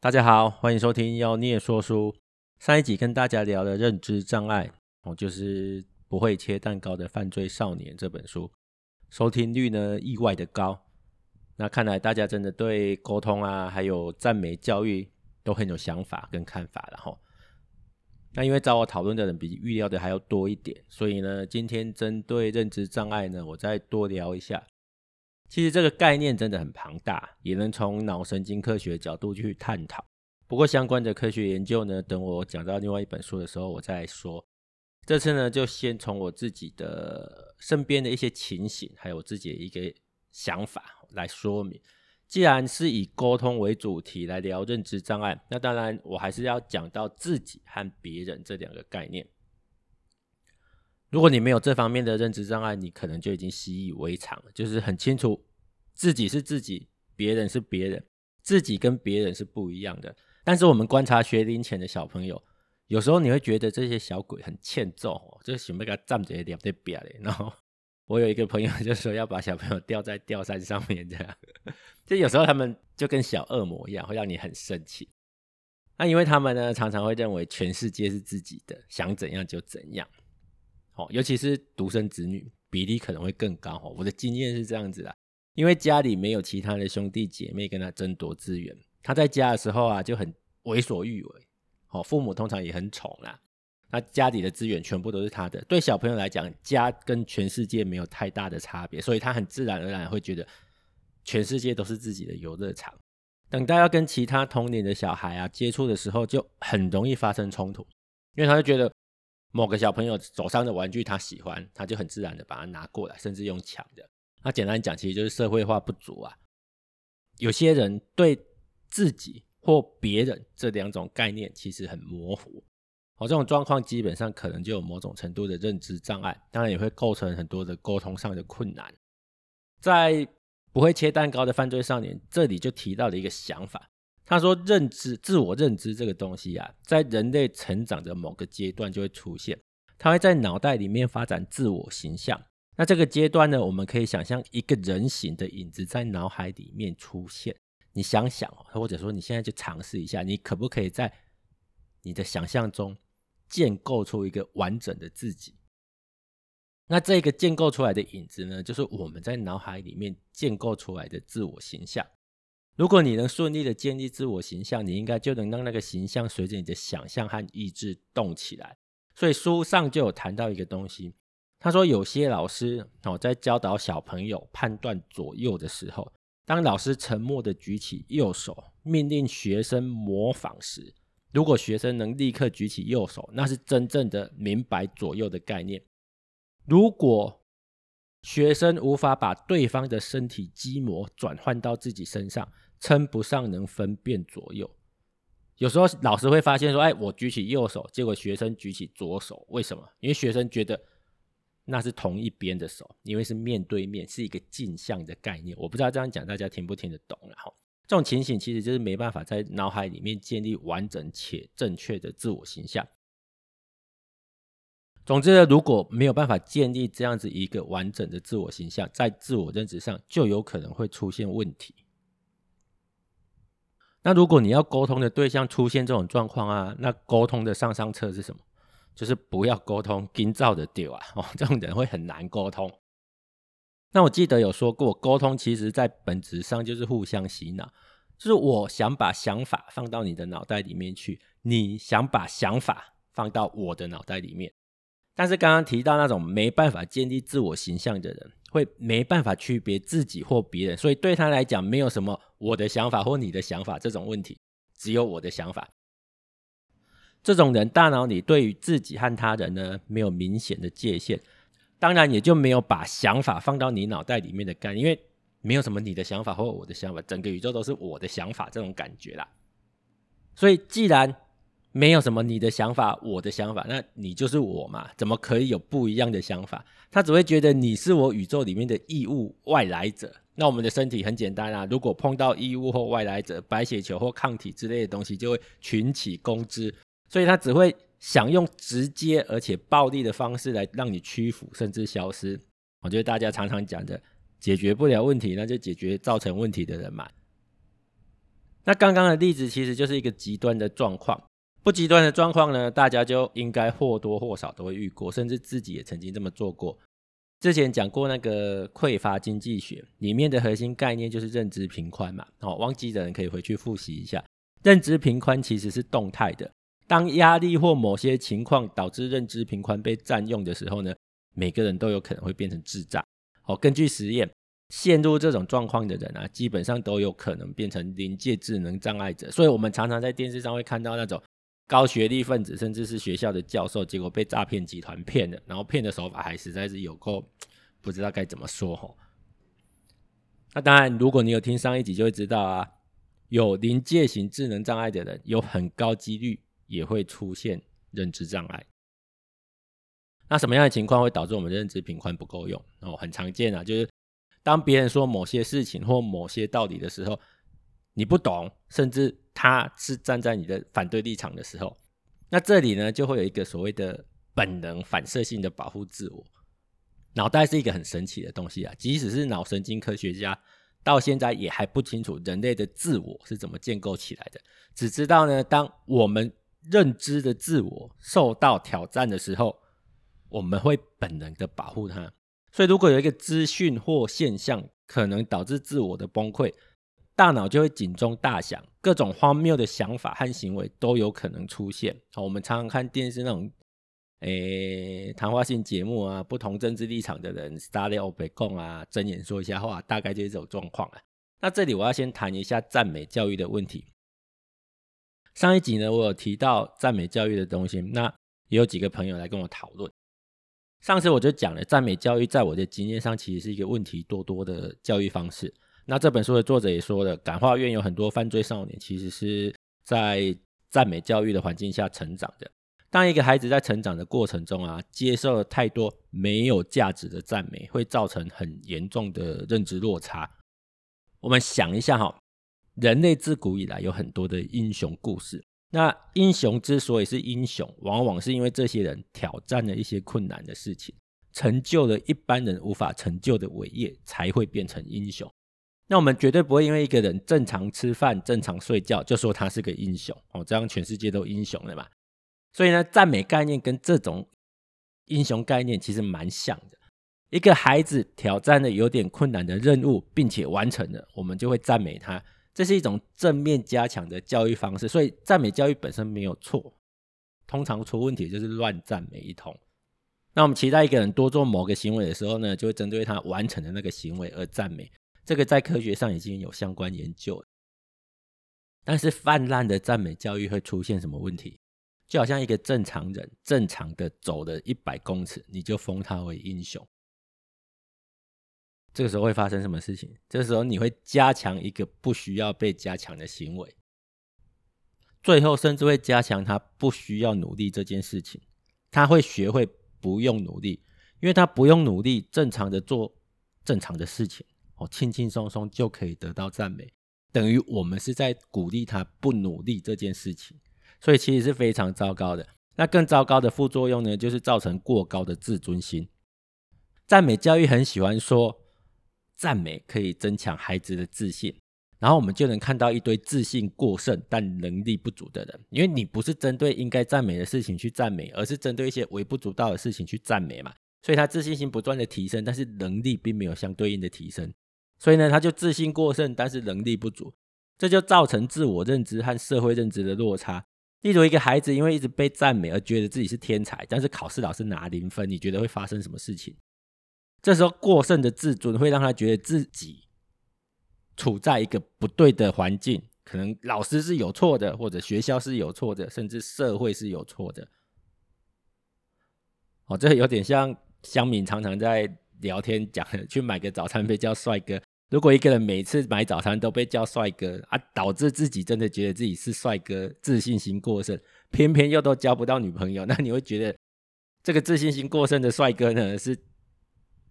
大家好，歡迎收聽妖孽說書。上一集跟大家聊的認知障礙，哦，就是不會切蛋糕的犯罪少年這本書，收聽率呢意外的高。那看來大家真的對溝通啊，還有讚美教育都很有想法跟看法了吼。那因為找我討論的人比預料的還要多一點，所以呢，今天針對認知障礙呢，我再多聊一下。其實這個概念真的很龐大，也能從腦神經科學角度去探討。不過相關的科學研究呢，等我講到另外一本書的時候我再來說。這次呢，就先從我自己的身邊的一些情形，還有我自己的一個想法來說明。既然是以溝通為主題來聊認知障礙，那當然我還是要講到自己和別人這兩個概念。如果你沒有這方面的認知障礙，你可能就已經習以為常了，就是很清楚自己是自己，別人是別人，自己跟別人是不一樣的。但是我們觀察學齡前的小朋友，有時候你會覺得這些小鬼很欠揍，就是準備給他站這裡，對不對？然後我有一個朋友就說要把小朋友吊在吊扇上面，這樣。就有時候他們就跟小惡魔一樣，會讓你很生氣。那、啊、因為他們呢，常常會認為全世界是自己的，想怎樣就怎樣。尤其是獨生子女比例可能會更高哦。我的經驗是這樣子的，因為家裡沒有其他的兄弟姐妹跟他爭奪資源，他在家的時候啊就很為所欲為。父母通常也很寵啦，那家裡的資源全部都是他的。對小朋友來講，家跟全世界沒有太大的差別，所以他很自然而然會覺得全世界都是自己的遊樂場。等到要跟其他童年的小孩啊接觸的時候，就很容易發生衝突，因為他就覺得。某個小朋友手上的玩具他喜歡，他就很自然的把它拿過來，甚至用搶的。那簡單講，其實就是社會化不足啊。有些人對自己或別人這兩種概念其實很模糊，好、哦，這種狀況基本上可能就有某種程度的認知障礙，當然也會構成很多的溝通上的困難。在不會切蛋糕的犯罪少年這裡就提到了一個想法。他說，認知、自我認知這個東西啊，在人類成長的某個階段就會出現，它會在腦袋裡面發展自我形象。那這個階段呢，我們可以想象一個人形的影子在腦海裡面出現。你想想，或者說你現在就嘗試一下，你可不可以在你的想象中建構出一個完整的自己？那這個建構出來的影子呢，就是我們在腦海裡面建構出來的自我形象。如果你能順利的建立自我形象，你應該就能讓那個形象隨着你的想象和意志動起來。所以書上就有談到一個東西，他說有些老師哦在教導小朋友判斷左右的時候，當老師沉默的舉起右手，命令學生模仿時，如果學生能立刻舉起右手，那是真正的明白左右的概念。如果學生無法把對方的身體肌膜轉換到自己身上，稱不上能分辨左右，有時候老師會發現說：“哎，我舉起右手，結果學生舉起左手，為什麼？因為學生覺得那是同一邊的手，因為是面對面，是一個鏡像的概念。我不知道這樣講大家聽不聽得懂？然後這種情形其實就是沒辦法在腦海裡面建立完整且正確的自我形象。總之呢，如果沒有辦法建立這樣子一個完整的自我形象，在自我認知上就有可能會出現問題。”那如果你要溝通的對象出現這種狀況啊，那溝通的上上策是什麼？就是不要溝通，驚躁的丟啊！哦，這種人會很難溝通。那我記得有說過，溝通其實在本質上就是互相洗腦，就是我想把想法放到你的腦袋裡面去，你想把想法放到我的腦袋裡面。但是剛剛提到那種沒辦法建立自我形象的人。會沒辦法區別自己或別人，所以對他來講，沒有什麼我的想法或你的想法這種問題，只有我的想法。這種人大腦裡對於自己和他人呢，沒有明顯的界限，當然也就沒有把想法放到你腦袋裡面的概念，因為沒有什麼你的想法或我的想法，整個宇宙都是我的想法這種感覺啦。所以既然沒有什麼你的想法，我的想法，那你就是我嘛，怎麼可以有不一樣的想法？他只會覺得你是我宇宙裡面的異物、外來者。那我們的身體很簡單啊，如果碰到異物或外來者，白血球或抗體之類的東西就會群起攻之，所以他只會想用直接而且暴力的方式來讓你屈服，甚至消失。我覺得大家常常講的，解決不了問題，那就解決造成問題的人嘛。那剛剛的例子其實就是一個極端的狀況。不極端的狀況呢，大家就應該或多或少都會遇過，甚至自己也曾經這麼做過。之前講過那個匱乏經濟學裡面的核心概念就是認知頻寬嘛，哦，忘記的人可以回去複習一下。認知頻寬其實是動態的，當壓力或某些情況導致認知頻寬被占用的時候呢，每個人都有可能會變成智障。哦，根據實驗，陷入這種狀況的人啊，基本上都有可能變成臨界智能障礙者。所以，我們常常在電視上會看到那種。高學歷分子，甚至是學校的教授，結果被詐騙集團騙了，然後騙的手法還實在是有夠，不知道該怎麼說吼。那當然，如果你有聽上一集，就會知道啊，有臨界型智能障礙的人，有很高幾率也會出現認知障礙。那什麼樣的情況會導致我們認知頻寬不夠用？哦，很常見啊，就是，當別人說某些事情或某些道理的時候，你不懂，甚至。他是站在你的反對立場的時候，那這裡呢就會有一個所謂的本能反射性的保護自我。腦袋是一個很神奇的東西啊，即使是腦神經科學家到現在也還不清楚人類的自我是怎麼建構起來的，只知道呢，當我們認知的自我受到挑戰的時候，我們會本能的保護它。所以，如果有一個資訊或現象可能導致自我的崩潰。大腦就會警鐘大響，各種荒謬的想法和行為都有可能出現。好，我們常常看電視那種，誒、欸，談話性節目啊，不同政治立場的人，大家烏白講啊，睜眼說瞎話，大概就是這種狀況了。那這裡我要先談一下讚美教育的問題。上一集呢，我有提到讚美教育的東西，那也有幾個朋友來跟我討論。上次我就講了，讚美教育在我的經驗上，其實是一個問題多多的教育方式。那這本書的作者也說了，感化院有很多犯罪少年，其實是在讚美教育的環境下成長的。當一個孩子在成長的過程中啊，接受了太多沒有價值的讚美，會造成很嚴重的認知落差。我們想一下哈，人類自古以來有很多的英雄故事。那英雄之所以是英雄，往往是因為這些人挑戰了一些困難的事情，成就了一般人無法成就的偉業，才會變成英雄。那我們絕對不會因為一個人正常吃飯、正常睡覺，就說他是個英雄哦，這樣全世界都英雄了嘛？所以呢，讚美概念跟這種英雄概念其實蠻像的。一個孩子挑戰了有點困難的任務，並且完成了，我們就會讚美他，這是一種正面加強的教育方式。所以，讚美教育本身沒有錯，通常出問題就是亂讚美一通。那我們期待一個人多做某個行為的時候呢，就會針對他完成的那個行為而讚美。這個在科學上已經有相關研究了，但是泛濫的讚美教育會出現什麼問題？就好像一個正常人正常的走了一百公尺，你就封他為英雄，這個時候會發生什麼事情？這個時候你會加強一個不需要被加強的行為，最後甚至會加強他不需要努力這件事情，他會學會不用努力，因為他不用努力，正常的做正常的事情。輕輕鬆鬆就可以得到讚美，等於我們是在鼓勵他不努力這件事情，所以其實是非常糟糕的。那更糟糕的副作用呢，就是造成過高的自尊心。讚美教育很喜歡說，讚美可以增強孩子的自信，然後我們就能看到一堆自信過剩但能力不足的人，因為你不是針對應該讚美的事情去讚美，而是針對一些微不足道的事情去讚美嘛，所以他自信心不斷的提升，但是能力並沒有相對應的提升。所以呢，他就自信過剩，但是能力不足，這就造成自我認知和社會認知的落差。例如，一個孩子因為一直被讚美而覺得自己是天才，但是考試老是拿零分，你覺得會發生什麼事情？這時候過剩的自尊會讓他覺得自己處在一個不對的環境，可能老師是有錯的，或者學校是有錯的，甚至社會是有錯的。哦，這有點像鄉民常常在聊天講，去買個早餐被叫帥哥。如果一個人每次買早餐都被叫帥哥啊，導致自己真的覺得自己是帥哥，自信心過剩，偏偏又都交不到女朋友，那你會覺得這個自信心過剩的帥哥呢，是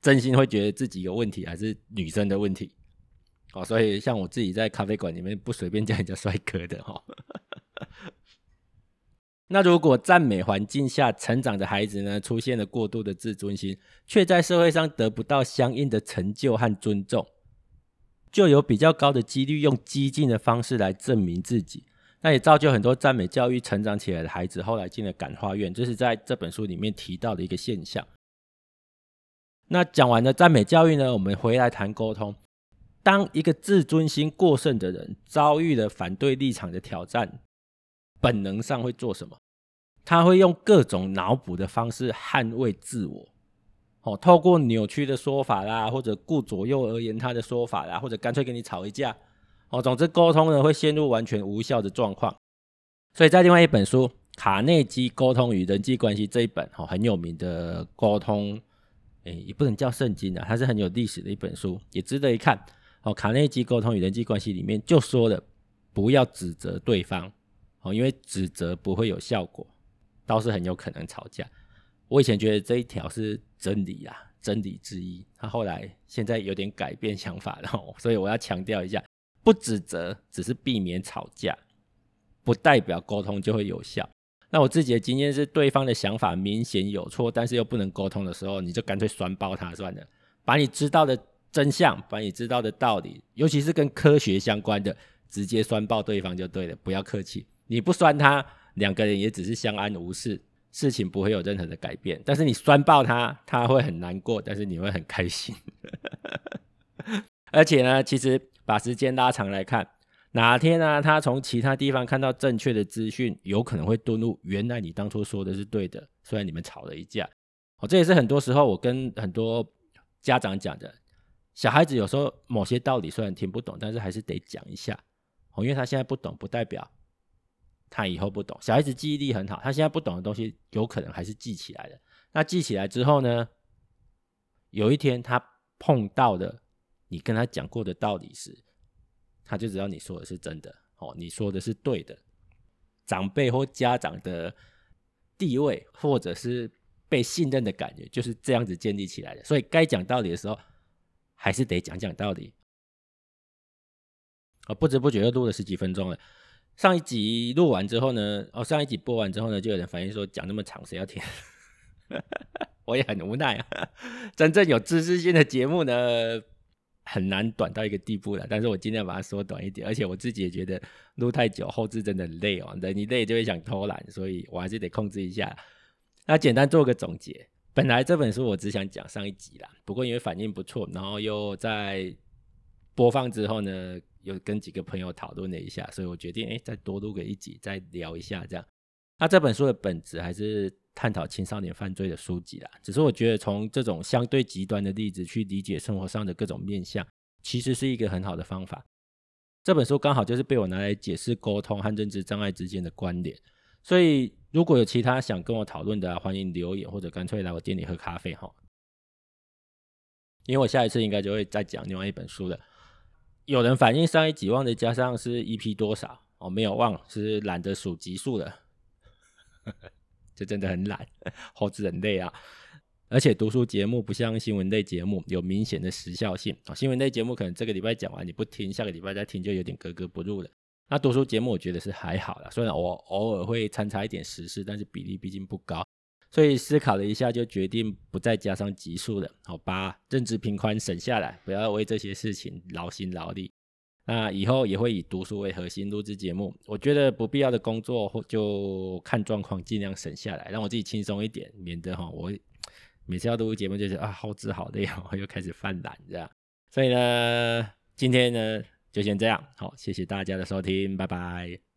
真心會覺得自己有問題，還是女生的問題？哦，所以像我自己在咖啡館裡面不隨便叫人家帥哥的哦那如果讚美環境下成長的孩子呢，出現了過度的自尊心，卻在社會上得不到相應的成就和尊重，就有比較高的幾率用激進的方式來證明自己。那也造就很多讚美教育成長起來的孩子，後來進了感化院，這、就是在這本書裡面提到的一個現象。那講完了讚美教育呢，我們回來談溝通。當一個自尊心過剩的人遭遇了反對立場的挑戰，本能上會做什麼？他會用各種腦補的方式捍衛自我，哦，透過扭曲的說法啦，或者顧左右而言他的說法啦，或者乾脆跟你吵一架，哦，總之溝通呢會陷入完全無效的狀況。所以在另外一本書《卡內基溝通與人際關係》這一本哦很有名的溝通，誒也不能叫聖經啊，它是很有歷史的一本書，也值得一看。哦，《卡內基溝通與人際關係》裡面就說的，不要指責對方。哦，因為指責不會有效果，倒是很有可能吵架。我以前覺得這一條是真理啊，真理之一。他後來現在有點改變想法了，所以我要強調一下：不指責只是避免吵架，不代表溝通就會有效。那我自己的經驗是，對方的想法明顯有錯，但是又不能溝通的時候，你就乾脆酸爆他算了，把你知道的真相，把你知道的道理，尤其是跟科學相關的，直接酸爆對方就對了，不要客氣。你不酸他，兩個人也只是相安無事，事情不會有任何的改變。但是你酸爆他，他會很難過，但是你會很開心。 而且呢，其實把時間拉長來看，哪天呢、啊，他從其他地方看到正確的資訊，有可能會頓悟，原來你當初說的是對的。雖然你們吵了一架，哦，這也是很多時候我跟很多家長講的，小孩子有時候某些道理雖然聽不懂，但是還是得講一下，哦，因為他現在不懂，不代表。他以後不懂，小孩子記憶力很好，他現在不懂的東西，有可能還是記起來的。那記起來之後呢？有一天他碰到的，你跟他講過的道理時，他就知道你說的是真的，哦，你說的是對的。長輩或家長的地位，或者是被信任的感覺，就是這樣子建立起來的。所以該講道理的時候，還是得講講道理。啊，不知不覺又錄了十幾分鐘了。上一集錄完之後呢，哦，上一集播完之後呢，就有人反映說講那麼長，誰誰要聽？我也很無奈啊。真正有知識性的節目呢，很難短到一個地步了。但是我盡量把它縮短一點，而且我自己也覺得錄太久後製真的很累哦、喔，人一累就會想偷懶，所以我還是得控制一下。那簡單做個總結，本來這本書我只想講上一集啦，不過因為反應不錯，然後又在播放之後呢。有跟幾個朋友討論了一下，所以我決定哎、欸，再多錄個一集，再聊一下這樣。那這本書的本質還是探討青少年犯罪的書籍啦，只是我覺得從這種相對極端的例子去理解生活上的各種面向，其實是一個很好的方法。這本書剛好就是被我拿來解釋溝通和認知障礙之間的關聯，所以如果有其他想跟我討論的，歡迎留言或者乾脆來我店裡喝咖啡哈。因為我下一次應該就會再講另外一本書了。有人反映，上一集忘了加上是 EP 多少哦？沒有忘，是懶得數集數了，這 真的很懶，猴子很累啊！而且讀書節目不像新聞類節目有明顯的時效性啊、哦，新聞類節目可能這個禮拜講完你不聽，下個禮拜再聽就有點格格不入了。那讀書節目我覺得是還好啦，雖然我偶爾會穿插一點時事，但是比例畢竟不高。所以思考了一下，就決定不再加上集數了，好，把認知頻寬省下來，不要為這些事情勞心勞力。那以後也會以讀書為核心錄製節目，我覺得不必要的工作或就看狀況儘量省下來，讓我自己輕鬆一點，免得哈我每次要錄節目就是啊好，自好累，我又開始犯懶這樣。所以呢，今天呢就先這樣，好，謝謝大家的收聽，拜拜。